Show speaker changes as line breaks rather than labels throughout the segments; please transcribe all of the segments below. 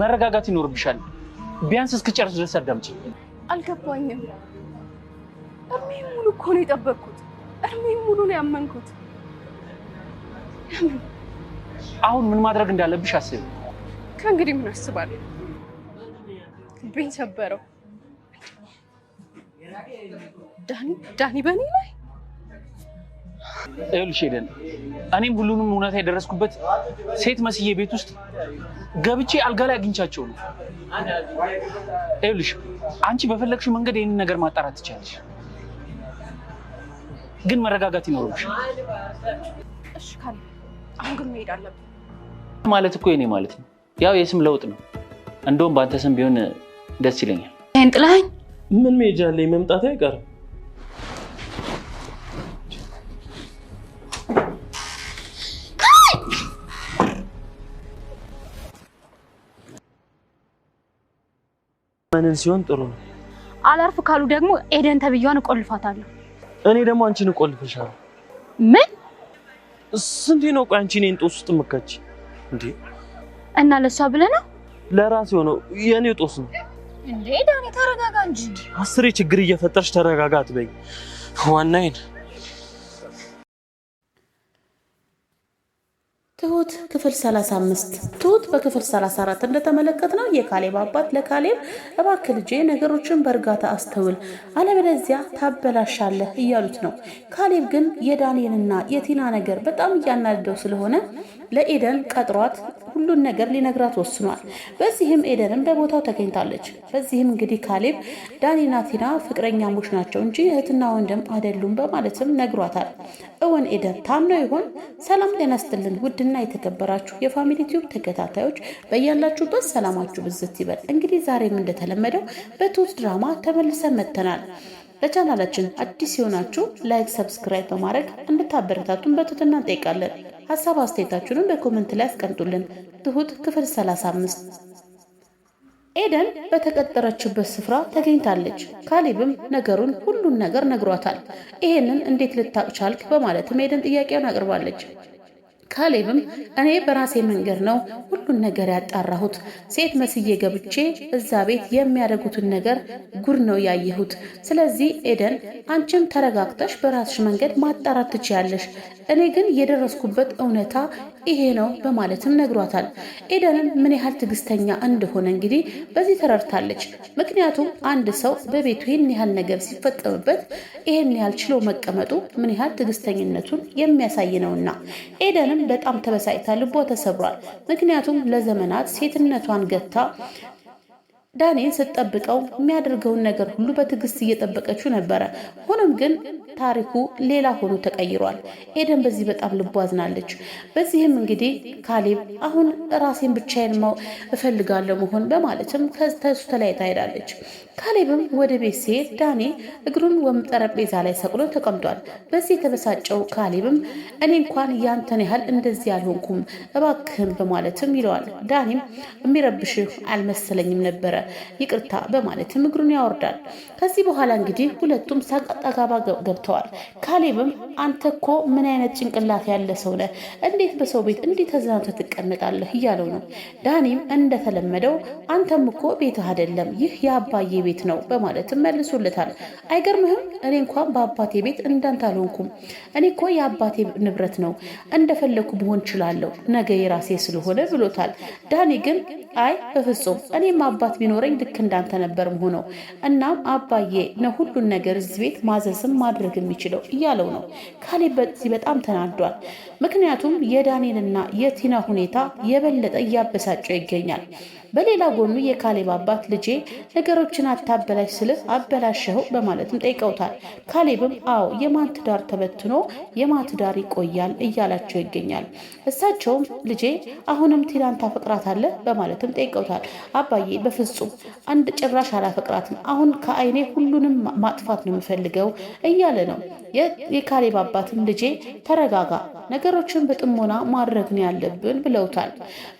መረጋጋት ይኖርብሻል። ቢያንስ እስክጨርስ ድረስ አዳምጪ።
አልገባኝም። እድሜ ሙሉ እኮ ነው የጠበቅኩት፣ እድሜ ሙሉ ነው ያመንኩት።
አሁን ምን ማድረግ እንዳለብሽ አስብ።
ከእንግዲህ ምን አስባለሁ? ቤን ሰበረው ዳኒ ዳኒ በእኔ ላይ
ይኸውልሽ ሄደን እኔም ሁሉንም እውነታ የደረስኩበት ሴት መስዬ ቤት ውስጥ ገብቼ አልጋ ላይ አግኝቻቸው ነው። ይኸውልሽ አንቺ በፈለግሽው መንገድ ይህንን ነገር ማጣራት ትቻለሽ፣ ግን መረጋጋት ይኖርብሽ።
እሺ ካለ አሁን ግን መሄድ አለብን።
ማለት እኮ የኔ ማለት ነው፣ ያው የስም ለውጥ ነው። እንደውም በአንተ ስም ቢሆን ደስ ይለኛል። ይህን ጥላኝ ምን መሄጃ አለኝ? መምጣት አይቀርም ማንን ሲሆን ጥሩ ነው?
አላርፍ ካሉ ደግሞ ኤደን ተብያዋን እቆልፋታለሁ።
እኔ ደግሞ አንቺን እቆልፍሻለሁ። ምን? ስንት ነው ቆይ አንቺ እኔን ጦስ ውስጥ የምከች እንዴ?
እና ለሷ ብለህ ነው?
ለራሴ ሆነው የእኔ ጦስ ነው
እንዴ? ዳኒ ተረጋጋ እንጂ።
አስሬ ችግር እየፈጠርሽ ተረጋጋት በይ ዋናይን
ትሁት ክፍል 35 ትሁት በክፍል 34 እንደተመለከት ነው የካሌብ አባት ለካሌብ እባክህ ልጄ ነገሮችን በእርጋታ አስተውል አለበለዚያ ታበላሻለህ እያሉት ነው። ካሌብ ግን የዳንኤልና የቲና ነገር በጣም እያናደደው ስለሆነ ለኤደን ቀጥሯት ሁሉን ነገር ሊነግራት ወስኗል። በዚህም ኤደንም በቦታው ተገኝታለች። በዚህም እንግዲህ ካሌብ ዳኒና ቲና ፍቅረኛሞች ናቸው እንጂ እህትና ወንድም አይደሉም በማለትም ነግሯታል። እውን ኤደን ታምነው ይሆን? ሰላም ጤና ይስጥልን ውድ ውድና የተከበራችሁ የፋሚሊ ቲዩብ ተከታታዮች በያላችሁበት ሰላማችሁ ብዝት ይበል። እንግዲህ ዛሬም እንደተለመደው በትሁት ድራማ ተመልሰን መጥተናል። ለቻናላችን አዲስ የሆናችሁ ላይክ፣ ሰብስክራይብ በማድረግ እንድታበረታቱን በትህትና እንጠይቃለን። ሀሳብ አስተያየታችሁንም በኮመንት ላይ አስቀምጡልን። ትሁት ክፍል 35 ኤደን በተቀጠረችበት ስፍራ ተገኝታለች። ካሊብም ነገሩን ሁሉን ነገር ነግሯታል። ይሄንን እንዴት ልታቅ ቻልክ በማለትም ኤደን ጥያቄውን አቅርባለች። ካሌብም እኔ በራሴ መንገድ ነው ሁሉን ነገር ያጣራሁት። ሴት መስዬ ገብቼ እዛ ቤት የሚያደርጉትን ነገር ጉድ ነው ያየሁት። ስለዚህ ኤደን አንቺም ተረጋግተሽ በራስሽ መንገድ ማጣራት ትችያለሽ። እኔ ግን የደረስኩበት እውነታ ይሄ ነው በማለትም ነግሯታል። ኤደንን ምን ያህል ትዕግስተኛ እንደሆነ እንግዲህ በዚህ ተረድታለች። ምክንያቱም አንድ ሰው በቤቱ ይህን ያህል ነገር ሲፈጠምበት ይህን ያህል ችሎ መቀመጡ ምን ያህል ትዕግስተኝነቱን የሚያሳይ ነውና ኤደንም በጣም ተበሳጭታ ልቧ ተሰብሯል። ምክንያቱም ለዘመናት ሴትነቷን ገታ ዳንኤል ስትጠብቀው የሚያደርገውን ነገር ሁሉ በትዕግስት እየጠበቀችው ነበረ። ሆኖም ግን ታሪኩ ሌላ ሆኖ ተቀይሯል። ኤደን በዚህ በጣም ልቦ አዝናለች። በዚህም እንግዲህ ካሌብ አሁን ራሴን ብቻዬን እፈልጋለሁ መሆን በማለትም ከሱ ተለያይታ ሄዳለች። ካሌብም ወደ ቤት ሲሄድ ዳኔ እግሩን ወም ጠረጴዛ ላይ ሰቅሎ ተቀምጧል። በዚህ የተበሳጨው ካሌብም እኔ እንኳን ያንተን ያህል እንደዚህ አልሆንኩም እባክህን በማለትም ይለዋል። ዳኔም የሚረብሽህ አልመሰለኝም ነበረ ይቅርታ በማለትም እግሩን ያወርዳል። ከዚህ በኋላ እንግዲህ ሁለቱም ሳቅ ገብተዋል። ካሌብም አንተ እኮ ምን አይነት ጭንቅላት ያለ ሰው ነህ? እንዴት በሰው ቤት እንዲህ ተዝናንተ ትቀመጣለህ? እያለው ነው። ዳኒም እንደተለመደው አንተም እኮ ቤትህ አይደለም፣ ይህ የአባዬ ቤት ነው በማለትም መልሶለታል። አይገርምህም? እኔ እንኳን በአባቴ ቤት እንዳንተ አልሆንኩም። እኔ እኮ የአባቴ ንብረት ነው፣ እንደፈለግኩ መሆን እችላለሁ፣ ነገ የራሴ ስለሆነ ብሎታል። ዳኒ ግን አይ በፍጹም እኔም አባት ቢኖ ባይኖረኝ ልክ እንዳንተ ነበር ሆነው። እናም አባዬ ነው ሁሉን ነገር እዚህ ቤት ማዘዝም ማድረግ የሚችለው እያለው ነው። ካሌብ በዚህ በጣም ተናዷል። ምክንያቱም የዳንኤልና የቲና ሁኔታ የበለጠ እያበሳጨው ይገኛል። በሌላ ጎኑ የካሌብ አባት ልጄ ነገሮችን አታበላሽ ስልህ አበላሸኸው በማለትም ጠይቀውታል። ካሌብም አዎ የማን ትዳር ተበትኖ የማን ትዳር ይቆያል እያላቸው ይገኛል። እሳቸውም ልጄ አሁንም ቲናን ታፈቅራታለህ በማለትም ጠይቀውታል። አባዬ በፍጹም በፍጹም አንድ ጭራሽ አላፈቅራትም። አሁን ከአይኔ ሁሉንም ማጥፋት ነው የምፈልገው እያለ ነው። የካሌብ አባትም ልጄ ተረጋጋ፣ ነገሮችን በጥሞና ማድረግ ነው ያለብን ብለውታል።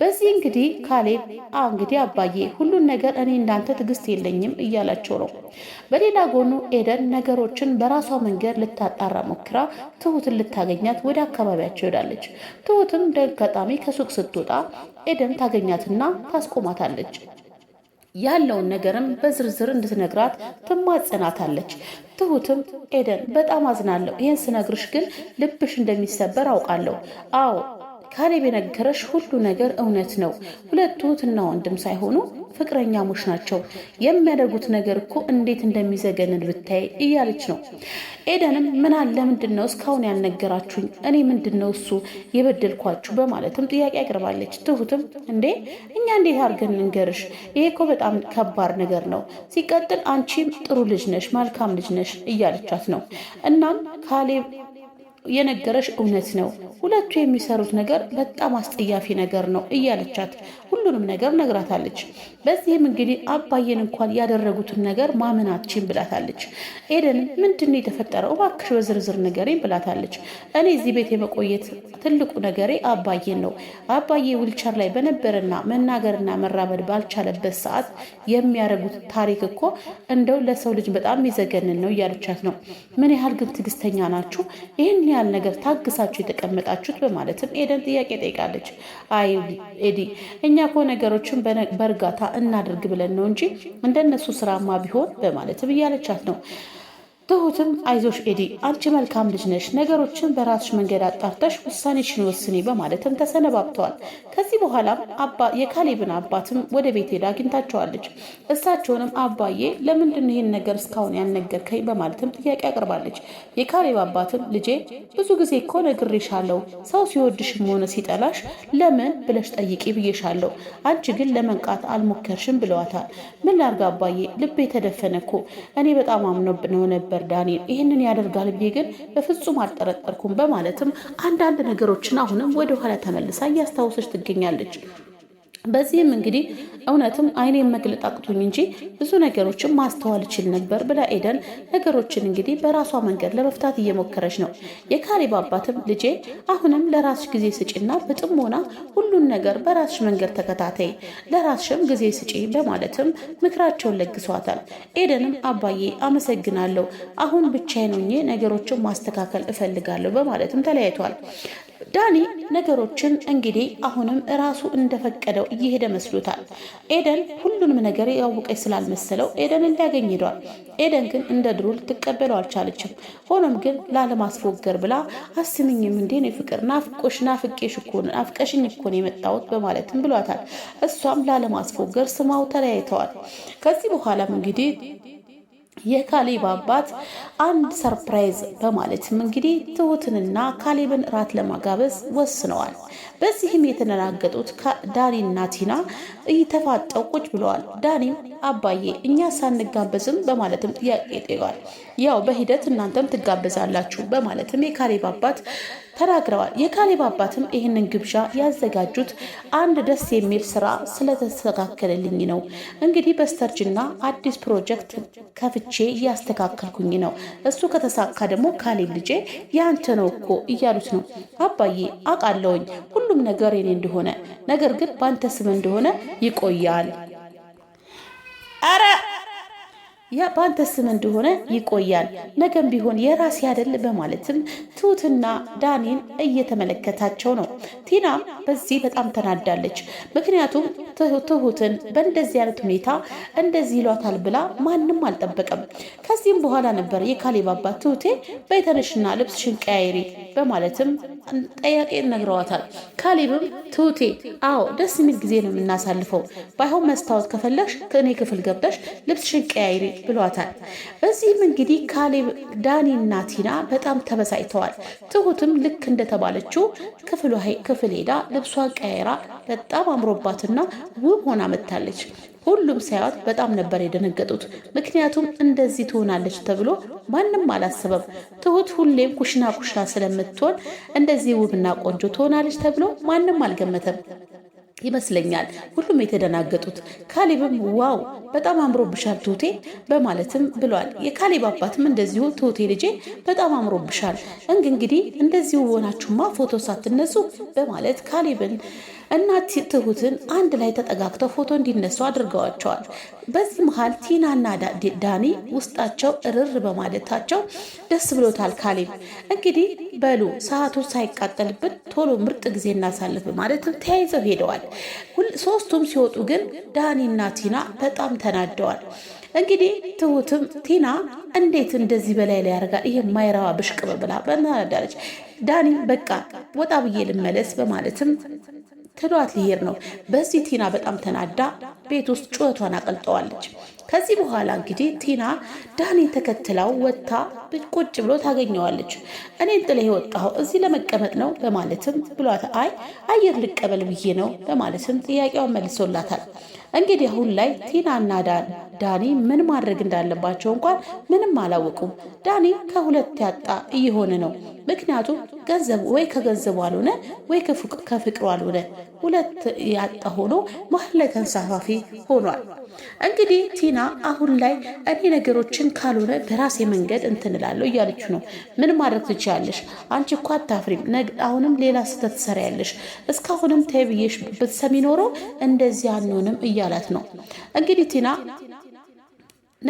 በዚህ እንግዲህ ካሌብ እንግዲህ አባዬ ሁሉን ነገር እኔ እንዳንተ ትዕግስት የለኝም እያላቸው ነው። በሌላ ጎኑ ኤደን ነገሮችን በራሷ መንገድ ልታጣራ ሞክራ ትሁትን ልታገኛት ወደ አካባቢያቸው ሄዳለች። ትሁትም ደጋጣሚ ከሱቅ ስትወጣ ኤደን ታገኛትና ታስቆማታለች። ያለውን ነገርም በዝርዝር እንድትነግራት ትማጽናታለች። ትሁትም ኤደን በጣም አዝናለሁ፣ ይህን ስነግርሽ ግን ልብሽ እንደሚሰበር አውቃለሁ። አዎ ካሌብ የነገረሽ ሁሉ ነገር እውነት ነው። ሁለቱ እህትና ወንድም ሳይሆኑ ፍቅረኛሞች ናቸው። የሚያደርጉት ነገር እኮ እንዴት እንደሚዘገንን ብታይ እያለች ነው። ኤደንም ምን አለ ምንድን ነው እስካሁን ያልነገራችሁኝ? እኔ ምንድን ነው እሱ የበደልኳችሁ? በማለትም ጥያቄ አቅርባለች። ትሁትም እንዴ እኛ እንዴት አድርገን እንገርሽ? ይሄ እኮ በጣም ከባድ ነገር ነው። ሲቀጥል አንቺም ጥሩ ልጅ ነሽ፣ መልካም ልጅ ነሽ እያለቻት ነው። እናም ካሌብ የነገረሽ እውነት ነው። ሁለቱ የሚሰሩት ነገር በጣም አስጠያፊ ነገር ነው እያለቻት ሁሉንም ነገር ነግራታለች። በዚህም እንግዲህ አባዬን እንኳን ያደረጉትን ነገር ማመናችን ብላታለች። ኤደን ምንድን ነው የተፈጠረው? እባክሽ በዝርዝር ንገሪኝ ብላታለች። እኔ እዚህ ቤት የመቆየት ትልቁ ነገሬ አባዬን ነው። አባዬ ዊልቸር ላይ በነበረና መናገርና መራመድ ባልቻለበት ሰዓት የሚያደርጉት ታሪክ እኮ እንደው ለሰው ልጅ በጣም ይዘገንን ነው እያለቻት ነው። ምን ያህል ግን ትዕግስተኛ ናችሁ ይህን ያህል ነገር ታግሳችሁ የተቀመጣችሁት? በማለትም ኤደን ጥያቄ ጠይቃለች። አይ ኤዲ እኛ እኮ ነገሮችን በእርጋታ እናድርግ ብለን ነው እንጂ እንደነሱ ስራማ ቢሆን በማለትም እያለቻት ነው። ትሁትም አይዞሽ ኤዲ አንቺ መልካም ልጅ ነሽ፣ ነገሮችን በራስሽ መንገድ አጣርተሽ ውሳኔሽን ወስኒ በማለትም ተሰነባብተዋል። ከዚህ በኋላም የካሌብን አባትም ወደ ቤት ሄዳ አግኝታቸዋለች። እሳቸውንም አባዬ ለምንድን ነው ይህን ነገር እስካሁን ያልነገርከኝ? በማለትም ጥያቄ አቅርባለች። የካሌብ አባትም ልጄ ብዙ ጊዜ እኮ ነግሬሻለሁ፣ ሰው ሲወድሽም ሆነ ሲጠላሽ ለምን ብለሽ ጠይቂ ብዬሻለሁ፣ አንቺ ግን ለመንቃት አልሞከርሽም ብለዋታል። ምን ላርግ አባዬ ልቤ ተደፈነ እኮ እኔ በጣም አምኖብ ነው ነበር ነበር ዳንኤል ይህንን ያደርጋል ብዬ ግን በፍጹም አልጠረጠርኩም፣ በማለትም አንዳንድ ነገሮችን አሁንም ወደኋላ ተመልሳ እያስታወሰች ትገኛለች። በዚህም እንግዲህ እውነትም አይኔ መግለጥ አቅቶኝ እንጂ ብዙ ነገሮችን ማስተዋል እችል ነበር ብላ ኤደን ነገሮችን እንግዲህ በራሷ መንገድ ለመፍታት እየሞከረች ነው። የካሌብ አባትም ልጄ አሁንም ለራስሽ ጊዜ ስጪና በጥሞና ሁሉን ነገር በራስሽ መንገድ ተከታተይ፣ ለራስሽም ጊዜ ስጪ በማለትም ምክራቸውን ለግሷታል። ኤደንም አባዬ አመሰግናለሁ፣ አሁን ብቻዬን ሆኜ ነገሮችን ማስተካከል እፈልጋለሁ በማለትም ተለያይቷል። ዳኒ ነገሮችን እንግዲህ አሁንም ራሱ እንደፈቀደው እየሄደ መስሎታል። ኤደን ሁሉንም ነገር ያውቀች ስላልመሰለው ኤደንን ሊያገኝ ሄደዋል። ኤደን ግን እንደ ድሮ ልትቀበለው አልቻለችም። ሆኖም ግን ላለማስፎገር ብላ አስምኝም እንዴን የፍቅር ናፍቆሽ ናፍቄሽ እኮ ናፍቀሽኝ እኮ ነው የመጣሁት በማለትም ብሏታል። እሷም ላለማስፎገር ስማው ተለያይተዋል። ከዚህ በኋላም እንግዲህ የካሌብ አባት አንድ ሰርፕራይዝ በማለትም እንግዲህ ትሁትንና ካሌብን ራት ለማጋበዝ ወስነዋል። በዚህም የተደናገጡት ዳኒና ቲና እየተፋጠው ቁጭ ብለዋል። ዳኒም አባዬ እኛ ሳንጋበዝም በማለትም ጥያቄ ጠይቋል። ያው በሂደት እናንተም ትጋበዛላችሁ በማለትም የካሌብ አባት ተናግረዋል። የካሌብ አባትም ይህንን ግብዣ ያዘጋጁት አንድ ደስ የሚል ስራ ስለተስተካከለልኝ ነው። እንግዲህ በስተርጅና አዲስ ፕሮጀክት ከፍቼ እያስተካከልኩኝ ነው። እሱ ከተሳካ ደግሞ ካሌብ ልጄ ያንተ ነው እኮ እያሉት ነው። አባዬ አቃለውኝ ሁሉም ነገር የኔ እንደሆነ፣ ነገር ግን በአንተ ስም እንደሆነ ይቆያል። አረ ያ በአንተ ስም እንደሆነ ይቆያል፣ ነገም ቢሆን የራሴ አይደል በማለትም ትሁትና ዳኒን እየተመለከታቸው ነው። ቲና በዚህ በጣም ተናዳለች። ምክንያቱም ትሁትን በእንደዚህ አይነት ሁኔታ እንደዚህ ይሏታል ብላ ማንም አልጠበቀም። ከዚህም በኋላ ነበር የካሌብ አባት ትሁቴ በተነሽና ልብስ ሽንቀያይሪ በማለትም ጠያቄ ነግረዋታል። ካሌብም ትሁቴ አዎ ደስ የሚል ጊዜ ነው የምናሳልፈው፣ ባይሆን መስታወት ከፈለግሽ ከእኔ ክፍል ገብተሽ ልብስ ሽንቀያይሪ ብሏታል። በዚህም እንግዲህ ካሌብ ዳኒና ቲና በጣም ተበሳጭተዋል። ትሁትም ልክ እንደተባለችው ክፍል ሄዳ ልብሷ ቀየራ በጣም አምሮባትና ውብ ሆና መጥታለች። ሁሉም ሳያት በጣም ነበር የደነገጡት። ምክንያቱም እንደዚህ ትሆናለች ተብሎ ማንም አላስበም። ትሁት ሁሌም ኩሽና ኩሽና ስለምትሆን እንደዚህ ውብና ቆንጆ ትሆናለች ተብሎ ማንም አልገመተም። ይመስለኛል ሁሉም የተደናገጡት። ካሌብም ዋው በጣም አምሮብሻል ትሁቴ በማለትም ብሏል። የካሌብ አባትም እንደዚሁ ትሁቴ ልጄ በጣም አምሮብሻል እንግ እንግዲህ እንደዚሁ ሆናችሁማ ፎቶ ሳትነሱ በማለት ካሌብን እናት ትሁትን አንድ ላይ ተጠጋግተው ፎቶ እንዲነሱ አድርገዋቸዋል። በዚህ መሀል ቲናና ዳኒ ውስጣቸው እርር በማለታቸው ደስ ብሎታል። ካሌብ እንግዲህ በሉ ሰዓቱ ሳይቃጠልብን ቶሎ ምርጥ ጊዜ እናሳልፍ ማለትም ተያይዘው ሄደዋል። ሶስቱም ሲወጡ ግን ዳኒና ቲና በጣም ተናደዋል። እንግዲህ ትሁትም ቲና እንዴት እንደዚህ በላይ ላይ ያደርጋል ይህ ማይረባ ብሽቅ ብላ በናዳለች። ዳኒ በቃ ወጣ ብዬ ልመለስ በማለትም ትሏት ሊሄድ ነው። በዚህ ቲና በጣም ተናዳ ቤት ውስጥ ጩኸቷን አቀልጠዋለች። ከዚህ በኋላ እንግዲህ ቲና ዳኒን ተከትላው ወጥታ ቁጭ ብሎ ታገኘዋለች። እኔን ጥለህ የወጣኸው እዚህ ለመቀመጥ ነው በማለትም ብሏት፣ አይ አየር ልቀበል ብዬ ነው በማለትም ጥያቄዋን መልሶላታል። እንግዲህ አሁን ላይ ቲናና ዳኒ ምን ማድረግ እንዳለባቸው እንኳን ምንም አላወቁም። ዳኒ ከሁለት ያጣ እየሆነ ነው። ምክንያቱም ገንዘብ ወይ ከገንዘቡ አልሆነ ወይ ከፍቅሩ አልሆነ፣ ሁለት ያጣ ሆኖ መሀል ላይ ተንሳፋፊ ሆኗል። እንግዲህ ቲና እና አሁን ላይ እኔ ነገሮችን ካልሆነ በራሴ መንገድ እንትንላለሁ እያለች ነው። ምን ማድረግ ትችያለሽ? አንቺ እኮ አታፍሪም። አሁንም ሌላ ስህተት ትሰሪያለሽ። እስካሁንም ተብዬሽ ብትሰሚ ኖሮ እንደዚህ አንሆንም እያላት ነው እንግዲህ ቲና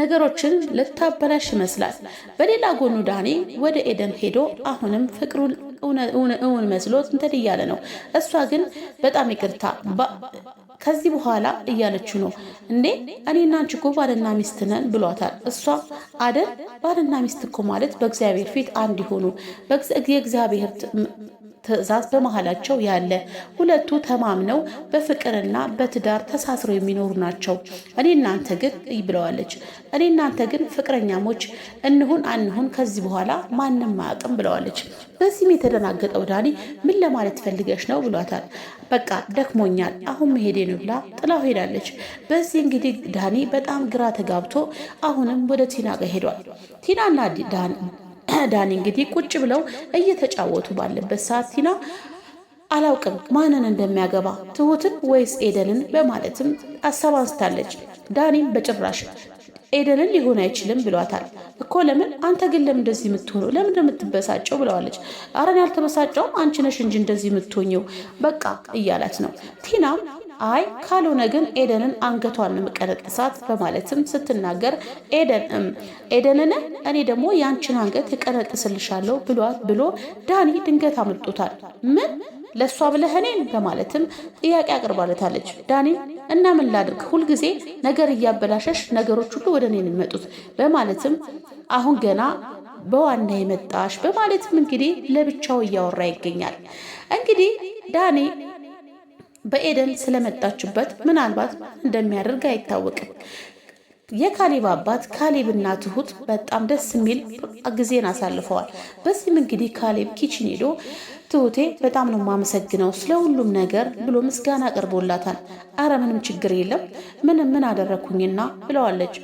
ነገሮችን ልታበላሽ ይመስላል። በሌላ ጎኑ ዳኔ ወደ ኤደን ሄዶ አሁንም ፍቅሩን እውን መስሎት እንትን እያለ ነው። እሷ ግን በጣም ይቅርታ ከዚህ በኋላ እያለችው ነው። እንዴ እኔና አንቺ እኮ ባልና ሚስት ነን ብሏታል። እሷ አደል ባልና ሚስት እኮ ማለት በእግዚአብሔር ፊት አንድ የሆኑ የእግዚአብሔር ትዕዛዝ በመሃላቸው ያለ ሁለቱ ተማምነው በፍቅርና በትዳር ተሳስረው የሚኖሩ ናቸው። እኔ እናንተ ግን ብለዋለች። እኔ እናንተ ግን ፍቅረኛሞች እንሁን አንሁን ከዚህ በኋላ ማንም አያውቅም ብለዋለች። በዚህም የተደናገጠው ዳኒ ምን ለማለት ፈልገሽ ነው ብሏታል። በቃ ደክሞኛል፣ አሁን መሄዴ ነው ብላ ጥላው ሄዳለች። በዚህ እንግዲህ ዳኒ በጣም ግራ ተጋብቶ አሁንም ወደ ቲና ጋር ሄዷል። ቲናና ዳኒ እንግዲህ ቁጭ ብለው እየተጫወቱ ባለበት ሰዓት ቲና አላውቅም ማንን እንደሚያገባ ትሁትን ወይስ ኤደንን በማለትም አሳብ አንስታለች። ዳኒም በጭራሽ ኤደንን ሊሆን አይችልም ብሏታል እኮ ለምን አንተ ግን ለምን እንደዚህ የምትሆነው ለምን የምትበሳጨው ብለዋለች። አረን ያልተበሳጨውም አንቺ ነሽ እንጂ እንደዚህ የምትሆኘው በቃ እያላት ነው ቲናም አይ ካልሆነ ግን ኤደንን አንገቷን የምቀነጥሳት በማለትም ስትናገር ኤደን ኤደንን እኔ ደግሞ የአንችን አንገት እቀነጥስልሻለሁ ብሏት ብሎ ዳኒ ድንገት አምልጦታል። ምን ለእሷ ብለህ እኔን በማለትም ጥያቄ አቅርባለታለች ዳኒ እና ምን ላድርግ ሁልጊዜ ነገር እያበላሸሽ ነገሮች ሁሉ ወደ እኔ የሚመጡት በማለትም አሁን ገና በዋና የመጣሽ በማለትም እንግዲህ ለብቻው እያወራ ይገኛል። እንግዲህ ዳኔ በኤደን ስለመጣችበት ምናልባት እንደሚያደርግ አይታወቅም። የካሌብ አባት ካሌብና ትሁት በጣም ደስ የሚል ጊዜን አሳልፈዋል። በዚህም እንግዲህ ካሌብ ኪችን ሄዶ ትሁቴ በጣም ነው የማመሰግነው ስለ ሁሉም ነገር ብሎ ምስጋና ቀርቦላታል። አረ ምንም ችግር የለም ምንም ምን አደረግኩኝና ብለዋለች።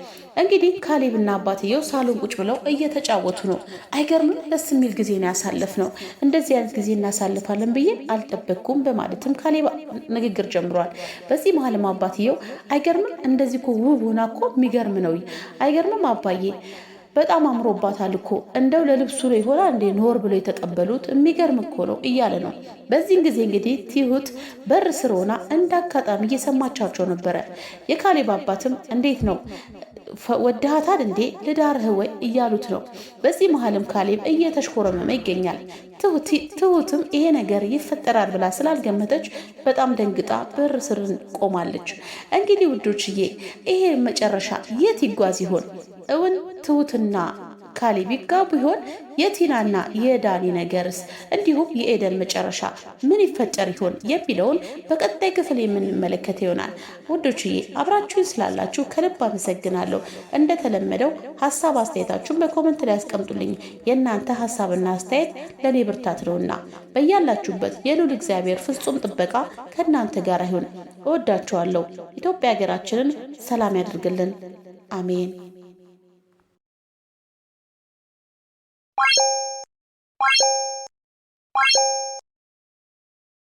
እንግዲህ ካሌብና አባትየው ሳሎን ቁጭ ብለው እየተጫወቱ ነው። አይገርምም? ደስ የሚል ጊዜ ነው ያሳለፍ ነው። እንደዚህ አይነት ጊዜ እናሳልፋለን ብዬ አልጠበቅኩም በማለትም ካሌብ ንግግር ጀምሯል። በዚህ መሀልም አባትየው አይገርምም? እንደዚህ ውብ ሆና እኮ የሚገርም ነው። አይገርምም አባዬ በጣም አምሮባታል እኮ እንደው ለልብሱ ነው ይሆና እንዴ ኖር ብሎ የተቀበሉት የሚገርም እኮ ነው እያለ ነው። በዚህን ጊዜ እንግዲህ ትሁት በር ስር ሆና እንዳጋጣሚ እየሰማቻቸው ነበረ። የካሌብ አባትም እንዴት ነው ወድሃታል እንዴ ልዳርህ ወይ እያሉት ነው። በዚህ መሀልም ካሌብ እየተሽኮረመመ ይገኛል። ትሁትም ይሄ ነገር ይፈጠራል ብላ ስላልገመተች በጣም ደንግጣ በር ስርን ቆማለች። እንግዲህ ውዶችዬ ይሄ መጨረሻ የት ይጓዝ ይሆን? እውን ትሁትና ካሊ ቢጋቡ ይሆን? የቲናና የዳኒ ነገርስ እንዲሁም የኤደን መጨረሻ ምን ይፈጠር ይሆን የሚለውን በቀጣይ ክፍል የምንመለከት ይሆናል። ውዶችዬ አብራችሁን ስላላችሁ ከልብ አመሰግናለሁ። እንደተለመደው ሀሳብ አስተያየታችሁን በኮመንት ላይ ያስቀምጡልኝ። የእናንተ ሀሳብና አስተያየት ለእኔ ብርታት ነውና በያላችሁበት የሉል እግዚአብሔር ፍጹም ጥበቃ ከእናንተ ጋር ይሁን። እወዳችኋለሁ። ኢትዮጵያ ሀገራችንን ሰላም ያደርግልን። አሜን።